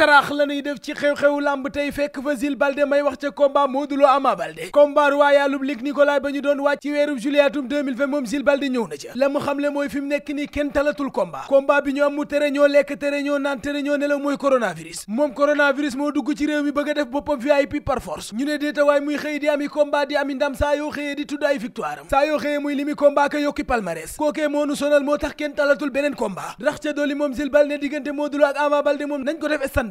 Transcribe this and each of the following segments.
saraax la ñuy def ci xew-xewu lamb tey fekk fa Zil Balde may wax ca combat Modou Lo Ama Balde combat royalub Luc Nicolaï ba ñu doon wàcc ci weerub juillet moom Zil Balde ñëw na ca la mu xamle mooy fi nekk nii kenn talatul combat combat bi ñu am mu tere ñoo lekk tere ñoo naan tere ñoo nelaw mooy coronavirus moom coronavirus moo dugg ci réew mi bëgg a def boppam VIP par force ñu ne déetawaay muy xëy di ami combat di ami ndam saa yoo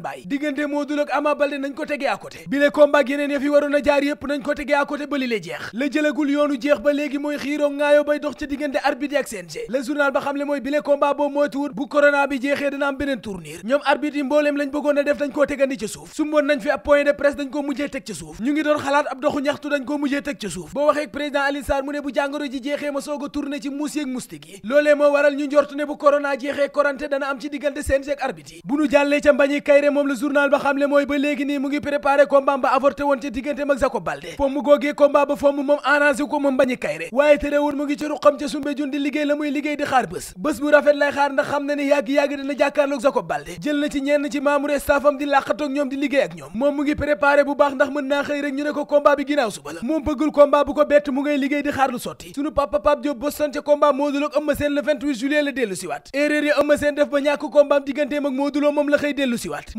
Assane Mbaye diggante Modou Lo ak Ama Baldé nañ ko tegee à côté bile combat ak yeneen ya fi waroon a jaar yépp nañ ko tegee à côté ba li lay jeex la jëlagul yoonu jeex ba léegi mooy xiiroo ŋaayoo bay dox ca diggante arbitre ak CNG le journal ba xam le mooy bile combat boobu mooytuwut bu corona bi jeexee dana am beneen tournir ñoom arbitre yi mbooleem lañ bëggoon a def dañ koo tegandi ca suuf sumboon nañ fi ab point de presse dañ koo mujjee teg ca suuf ñu ngi doon xalaat ab doxu ñaxtu dañ koo mujjee teg ca suuf boo waxee ak président Alioune Sarr mu ne bu jàngoro ji jeexee ma soog a tourné ci muus yeeg moustique yi loolee moo waral ñu njortu ne bu corona jeexee korante dana am ci diggante CNG ak arbitre yi bu ñu jàllee ca mbañi kayre ne moom la journal ba xam le mooy ba léegi nii mu ngi préparé combat ba avorté woon ci digganteem ak Jacob Baldé fomm googee combat ba fomm moom arrangé ko moom Mbagnick Kaïré waaye terewul mu ngi ci ruqam ca Soumbédioune di liggéey la muy liggéey di xaar bés bu rafet lay xaar ndax xam na ni yàgg-yàgg dina jàkkaarloog Jacob Baldé jël na ci ñenn ci membre staffam di làqatoog ñoom di liggéey ak ñoom moom mu ngi préparé bu baax ndax mën naa xëy rek ñu ne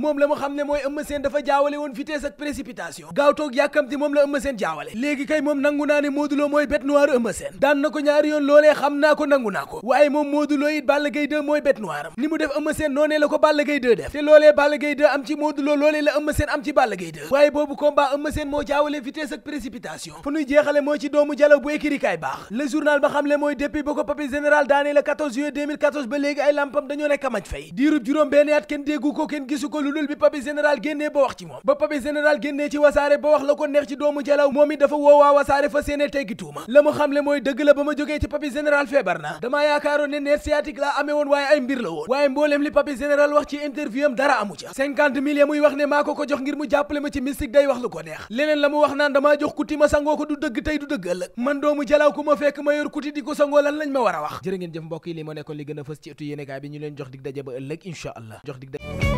moom la mu xam ne mooy Eumeu Sène dafa jaawale woon vitesse ak précipitation gaaw toog yàkkamti moom la Eumeu Sène jaawale léegi kay moom nangu naa ne Modou Lo mooy bête noire Eumeu Sène daan na ñaari yoon loolee xam naa ko nangu naa ko waaye moom Modou it Balla Gaye 2 mooy bête noire ni mu def Eumeu Sène noonee la ko Balla Gaye 2 def te loolee Balla Gaye 2 am ci Modou loolee la Eumeu Sène am ci Balla Gaye 2 waaye boobu combat Eumeu Sène moo jaawale vitesse moo ci doomu jalaw bu ékirikaay baax le journal ba xam le mooy depuis ba ko papi général daanee le 14 juillet 2014 ba léegi ay lampam dañoo nekk kamaj fay diirub juróom benn at kenn déggu ko kenn gisu ko lu dul bi papi général génnee ba wax ci moom ba papi général génnee ci wasaare ba wax la ko neex ci doomu jalaw moom it dafa woowaa wasaare fa séene teggi tuuma la mu xamle mooy dëgg la ba ma jógee ci papi général feebar naa damaa yaakaaroon ne nerf sciatique laa amee woon waaye ay mbir la woon waaye mbooleem li papi général wax ci interview am dara amu ca cinquante mille muy wax ne maa ko ko jox ngir mu jàppale ma ci mystique day wax lu ko neex leneen la mu wax naan damaa jox kuti ma sangoo tey du dëgg ëllëg man doomu jalaw ku ma fekk ma yor kuti lan lañ ma war wax jërë ngeen jëf mbokk yi li ma nekkoon li gën a leen jox dig daje ba ëllëg incha allah jox